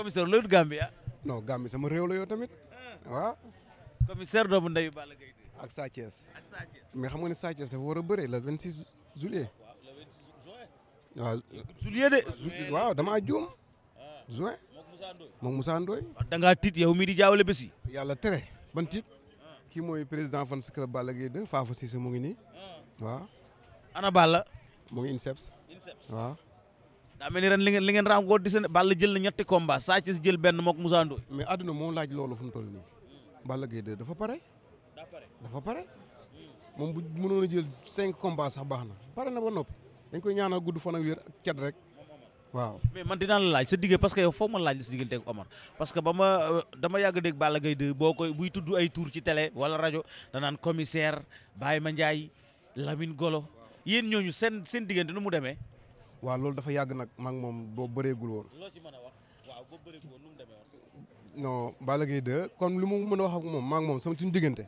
commissaire loolu Gambia. non Gambie sama réew la yow tamit ah. waaw. commissaire doomu ndeyu Balla Gaye ak Sa ak Sa Thiès xam nga ne Sa Thiès dafa war a bëre le 26 waaw juillet juum. Ah. juin moom Moussa Ndoye. da ngaa tiit yow di jaawale bés yi. yàlla tere ban tiit. Ah. kii mooy président fan si club Balla Gaye 2 Fafa Cissé mu ngi nii waaw. ana Balla. mu ngi waaw. daa mel ni ren li ngeen li ngeen raam koo di seen Balla jël na benn mook Moussa Ndoye mais àdduna moo laaj loolu fu mu toll nii Balla dafa pare moom bu mënoon jël cinq combats sax baax na pare na ba dañ koy ñaanal gudd fan ak wér ak rek waaw mais man dinaa la laaj sa digge que yow foog ma laaj la sa diggante ak parce que ba dama yàgg dégg Balla Gaye de boo koy buy tudd ay tour ci télé wala rajo danaan commissaire ma Mandiaye lamin Golo yéen ñooñu seen seen diggante nu mu demee waaw loolu dafa yàgg nag maa moom boobu bëreegul woon. loo ci mën a wax waaw boo bëreegul woon nu mu demee woon. non Balla kon li mu mën a wax ak moom maak moom sama suñu diggante.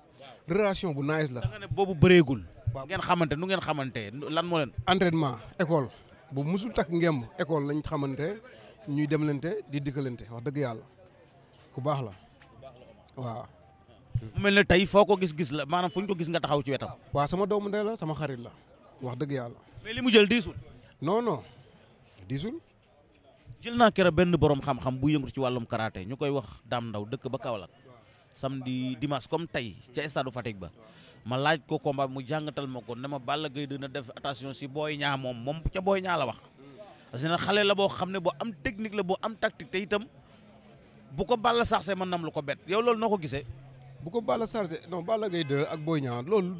relation bu nice la. da nga ne boobu bëreegul. ngeen xamante nu ngeen xamante lan moo leen. entraînement école bu musul takk ngemb école lañ xamante ñuy demlante di dikkalante wax dëgg yàlla ku baax la waaw. mel ne tey foo ko gis-gis la maanaam fu ñu ko gis nga taxaw ci wetam. waa sama doomu ndey la sama xarit la wax dëgg yàlla. non non jël naa keroog benn boroom xam-xam bu yëngu ci wàllum karaate ñu koy wax Dame Ndaw dëkk ba Kaolack samedi dimanche comme tey ca stade Fatick ba ma laaj ko combat mu jàngatal ma ko ne ma Balla Gaye na def attention si booy ñaa moom moom ca booy ñaa la wax. parce que nag xale la boo xam ne boo am technique la boo am tactique te itam bu ko Balla saxsee man nam lu ko bet yow loolu noo ko gisee. bu ko Balla saxsee non Balla Gaye 2 ak booy ñaa loolu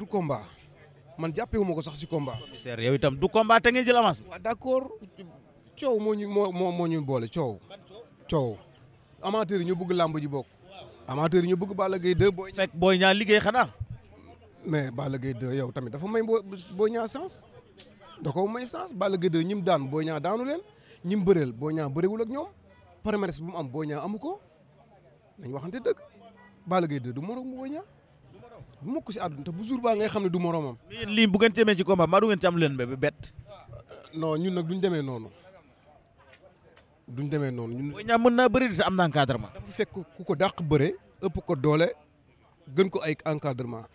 man jàppewu ma ko sax si combat. commissaire yow itam du combat te ngay jël avance. waaw d' coow moo ñu moo moo ñu boole coow. coow amateur yi ñu bugg làmb ji bokk. amateur ñu bëgg Balla Gaye 2 booy. booy ñaa liggéey xanaa. mais Balla Gaye 2 yow tamit dafa may booy ñaa sens. da ko may sens Balla Gaye 2 ñim daan booy ñaa daanu leen ñim bëreel booy ñaa bëreewul ak ñoom palmarès bu mu am booy ñaa amu ko nañ waxante dëgg Balla Gaye 2 du moroom booy ñaa bu mukk si àdduna te bu jour baa ngay xam ne du moroomam. lii bu ngeen demee ci combat maa du ngeen ci am leen ba bett. Euh, ñun nag duñ demee noonu duñ demee noonu. ñun naa bëri te am na encadrement. dafa fekk ku ko dàq bëre ëpp ko doole gën ko ay encadrement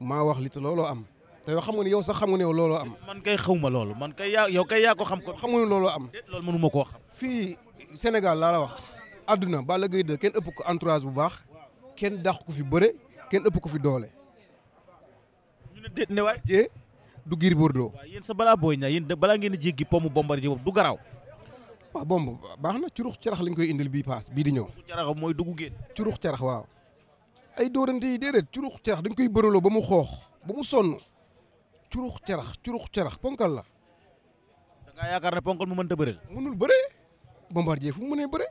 maa wax li te looloo am. te xam nga ne yow sax xam nga ne yow looloo am. man kay xawma loolu man kay yaa yow kay yaa ko xam ko. xam nga looloo am. loolu mënu ma koo xam. fii Sénégal laa la wax. àdduna la Gaye 2 kenn ëpp ko entourage bu baax. kenn dàq ko fi bëre kenn ëpp ko fi doole. ñu ne ne waay jee du Gris Bordeaux. waaw yéen sa balaa booy ña yéen balaa ngeen di jéggi pomme Bombardier boobu du garaaw. waaw bomb baax na curux carax lañ koy indil bi paas bii di ñëw. carax mooy dugg génn. curux carax waaw. ay dóorante yi déedéet curux carax dañ koy bëraloo ba mu xoox ba mu sonn curux carax curux carax ponkal la. da yaakaar ne ponkal mu mënta bëreel. mënul bëre Bombardier fu mu mënee bëre.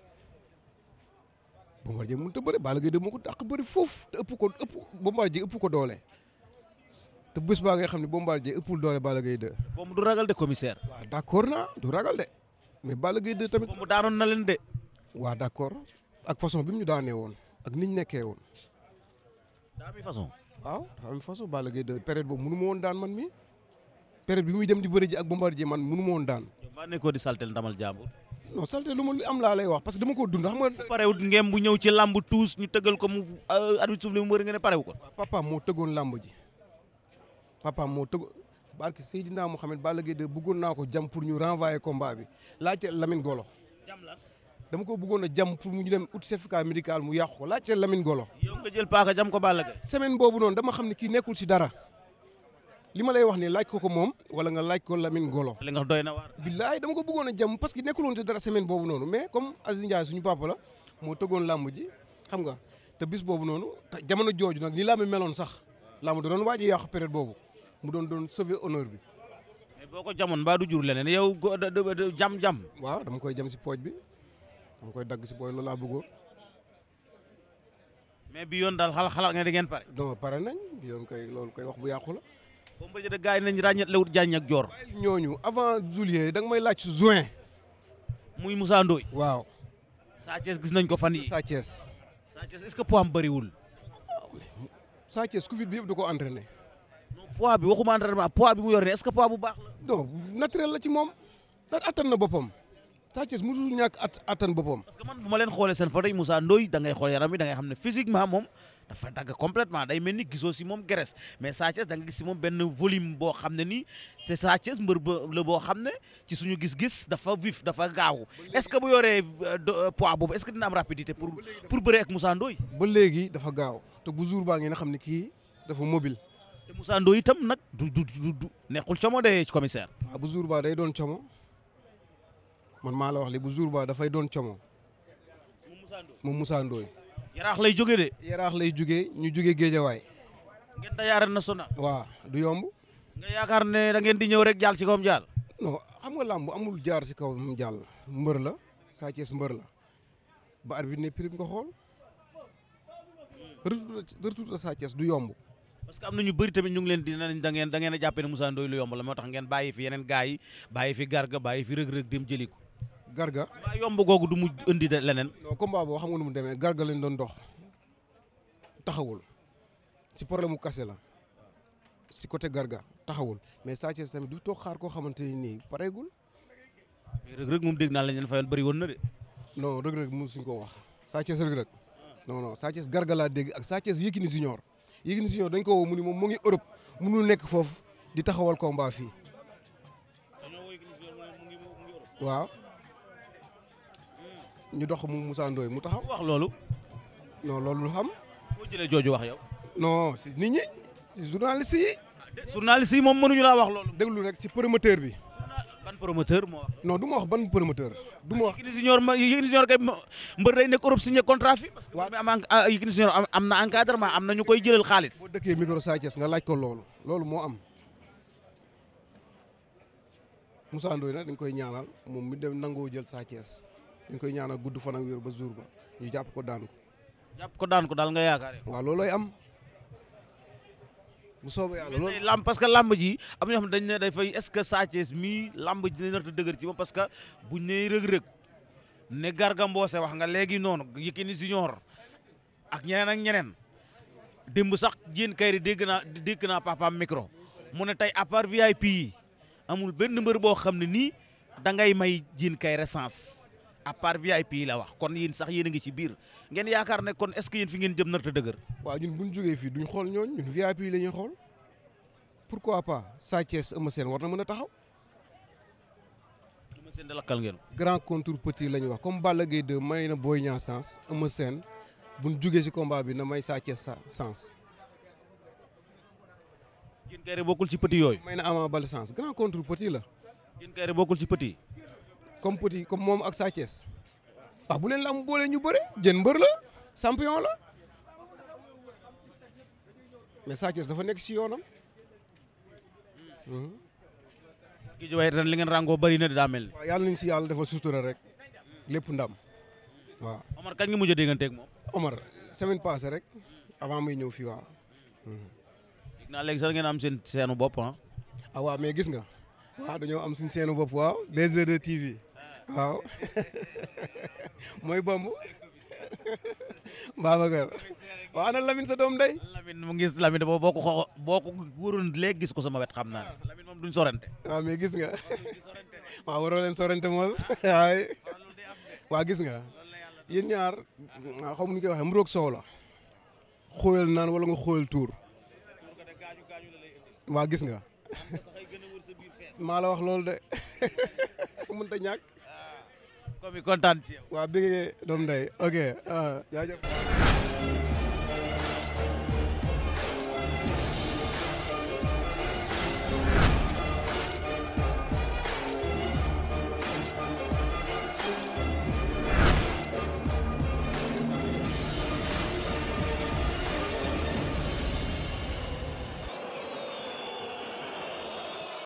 Bombardier mënut a bëre Balla Gaye de moo ko dàq bëri foofu te ëpp ko ëpp Bombardier ëpp ko doole te bés baa nga xam ne Bombardier ëppul doole Balla Gaye de. boobu du ragal de commissaire. waaw d' accord naa du ragal de mais Balla Gaye de tamit. boobu daanoon na leen de. waaw d' ak façon bi mu ñu daanee woon ak ni ñu nekkee woon. daa am façon. waaw daa am façon Balla Gaye de période boobu mënu woon daan man mi période bi muy dem di bëri ji ak Bombardier man mënu woon daan. yow maa di saltel ndamal jàmbur. non salté lu ma am laa lay wax parce que dama ko dund xam nga. parewut ngeen bu ñëw ci làmb tuus ñu tëggal ko mu euh, arbitre suuf li mu wër nga ko. papa moo tëggoon làmb ji papa moo tëgg barke Seydina Mohamed Balla Gaye de bëggoon naa ko jam pour ñu renvoyer combat bi laajte Lamine Golo. jam la dama ko bëggoon a jam pour mu ñu dem ut certificat médical mu yàqu ko laajte Lamine Golo. paaka jam ko Balla Gaye. semaine boobu noonu dama xam ne kii nekkul si dara. li ma lay wax ni laaj ko ko moom wala nga laaj ko Lamine Golo. doy na waar. billaay dama ko bëggoon a jàmm parce que nekkul woon te dara semaine boobu noonu mais comme Aziz Ndiaye suñu papa la moo tëggoon làmb ji xam nga te bis boobu noonu jamono jooju nag ni làmb meloon sax làmb da doon waaj a yàqu boobu mu doon doon sauver honneur bi. mais boo ko jamoon mbaa du jur leneen yow jam jam. waaw dama koy jam si pooj bi dama koy dagg si pooj loolu laa bëggoon. mais bi yoon daal xalaat nga di ngeen pare. non pare nañ bi yoon koy loolu koy wax bu yàqu la. Bombardier de gars yi nañ ràññat lewut jaañ ak joor ñooñu avant juillet da nga may laaj juin muy musaa Ndoye waaw Sa Thiès gis nañ ko fan yi Sa Thiès Sa Thiès est-ce que poids am bëriwul Sa Thiès Covid bi yëpp da ko entraîné non bi waxuma entraînement poids bi mu yor ne est-ce bu baax la naturel la ci moom daal attan na boppam Sa Thiès musul ñàkk at attan boppam parce que man bu ma leen xoolee seen photo yi Moussa Ndoye da yaram bi da xam ne physiquement moom dafa dagg complètement day mel ni gisoo si moom Grèce mais Sa Thiès da nga gis si moom benn volume boo xam ne nii c'est Sa Thiès mbër la boo xam ne ci suñu gis-gis dafa vif dafa gaaw est-ce que bu yoree euh, euh, poids boobu est-ce que dina am rapidité pour pour bëree ak Moussa ba léegi dafa gaaw te bu jour baa ngeen xam ne kii dafa mobile. te Moussa Ndoye nag du du du du nekkul como de commissaire. waaw ah, bu jour day doon como man maa la wax li bu jour dafay doon como moom Moussa Ndoye yaraax lay jóge de. yaraax lay jóge ñu jóge géejawaay. ngeen daje arène nationale. waa du yomb. nga yaakaar ne da ngeen di ñëw rek jàll ci kawam jàll. non xam nga làmb amul jaar si ci mu jàll. mbër la Sa Thiès mbër la ba arbitre ne prime nga xool retour de Sa Thiès du yomb. parce am na ñu bëri tamit ñu ngi leen di nañ da ngeen a jàppee ne Moussa Ndoye lu yomb la moo tax ngeen bàyyi fi yeneen gars yi bàyyi fi garga bàyyi fi rëg-rëg dem jëli ko garga yomb googu du mu indi leneen. non combat boo xam nga nu mu demee garga lañ doon dox taxawul si problème mu kase la si côté garga taxawul mais Sa Thiès tamit du toog xaar koo xamante ni nii pareegul. mais Reug Reug moom dégg naa lañ leen fa bëri woon na de. non Reug Reug moom suñ ko wax Sa Thiès Reug Reug non non Sa garga laa dégg ak Sa Thiès Yékini Junior Yékini Junior dañ ko woo mu ni moom mu ngi Europe mënul nekk foofu di taxawal combat fii. waaw. ñu dox mu Moussa Ndoye mu taxaw. wax loolu. non loolu lu xam. boo jëlee wax yow. non si nit ñi si journaliste yi. Ah, journaliste yi moom mënuñu laa wax loolu. déglu rek si promoteur bi. ban promoteur moo wax. non ma wax ban promoteur. du ma wax Yékini Junior ma Yékini Junior kay mbër day nekk Europe signé fi. parce que moom am na ah, Yékini Junior am na am na koy jëlal xaalis. dëkkee micro Sa Thiès nga loolu. loolu moo am. Moussa nag dañ koy ñaanal moom mi dem nangoo jël Sa Thiès. dañ koy ñaan ñaanal gudd fan ak wér ba jour ba ñu jàpp ko daan ko. jàpp ko daan ko daal nga yaakaare. waaw loolooy am. bu soobee yàlla loolu làmb parce que làmb ji am na ñoo xam dañ ne dafay est ce que Sa Thiès ji dina ta ci moom parce que buñ nee rëg-rëg ne Garga Mbossé wax nga léegi noonu Yékini Junior ak ñeneen ak ñeneen démb sax jéen kayri dégg naa dégg naa papaam micro mu ne tey à part VIP amul benn mbër boo xam ne nii da ngay may jiin kayri sens à pi VIP la wax kon yéen sax yéen a ngi ci biir ngeen yaakaar ne kon est-ce que yéen fi ngeen jëm nar ta dëgër. waaw ñun bu ñu jógee fii duñ xool ñooñ ñun VIP la ñuy xool pourquoi pas Sa Thiès Eumeu war na mën a taxaw. Eumeu Sène da lakkal ngeen ko. grand contre petit la ñu wax comme Balla Gaye 2 may na booy Niang sens Eumeu Sène bu ñu jógee ci combat bi na may Sa Thiès sens. Diène Kaïré ci petit yooyu. may na Ama Baldé sens grand contre petit la. Diène Kaïré bokkul ci petit. comme petit comme moom ak Sa Thiès waaw bu leen lamb boole ñu bëre jën mbër la champion la mais Sa dafa nekk si yoonam. kii mhm. waaye ren li ngeen ràngoo bëri na daa mel. waaw yàlla nañu si yàlla dafa sutura rek lépp ndam waaw. Omar kañ nga mujj a dégganteeg moom. Omar semaine passée rek avant muy ñëw fii waaw. Mhm. dégg naa léegi sax ngeen am seen seenu bopp ah. ah mais gis nga. waaw dañoo am suñu seenu bopp waaw. 2 heures de TV. waaw mooy bomb Babacar waaw ana Lamine sa doom day mu gis Lamine boo boo ko xoo boo gis ko sama wet xam naa Lamine moom duñ sorante gis nga waaw waroo leen sorante moos waay waaw gis nga yéen ñaar waaw xam nu koy waxee mu roog soow la xóoyal naan wala nga xóoyal tuur waa gis nga maa la wax loolu de mënta ñàkk comme kontaan ci yow. waaw bi doomu ndey ok ah, jaajëf.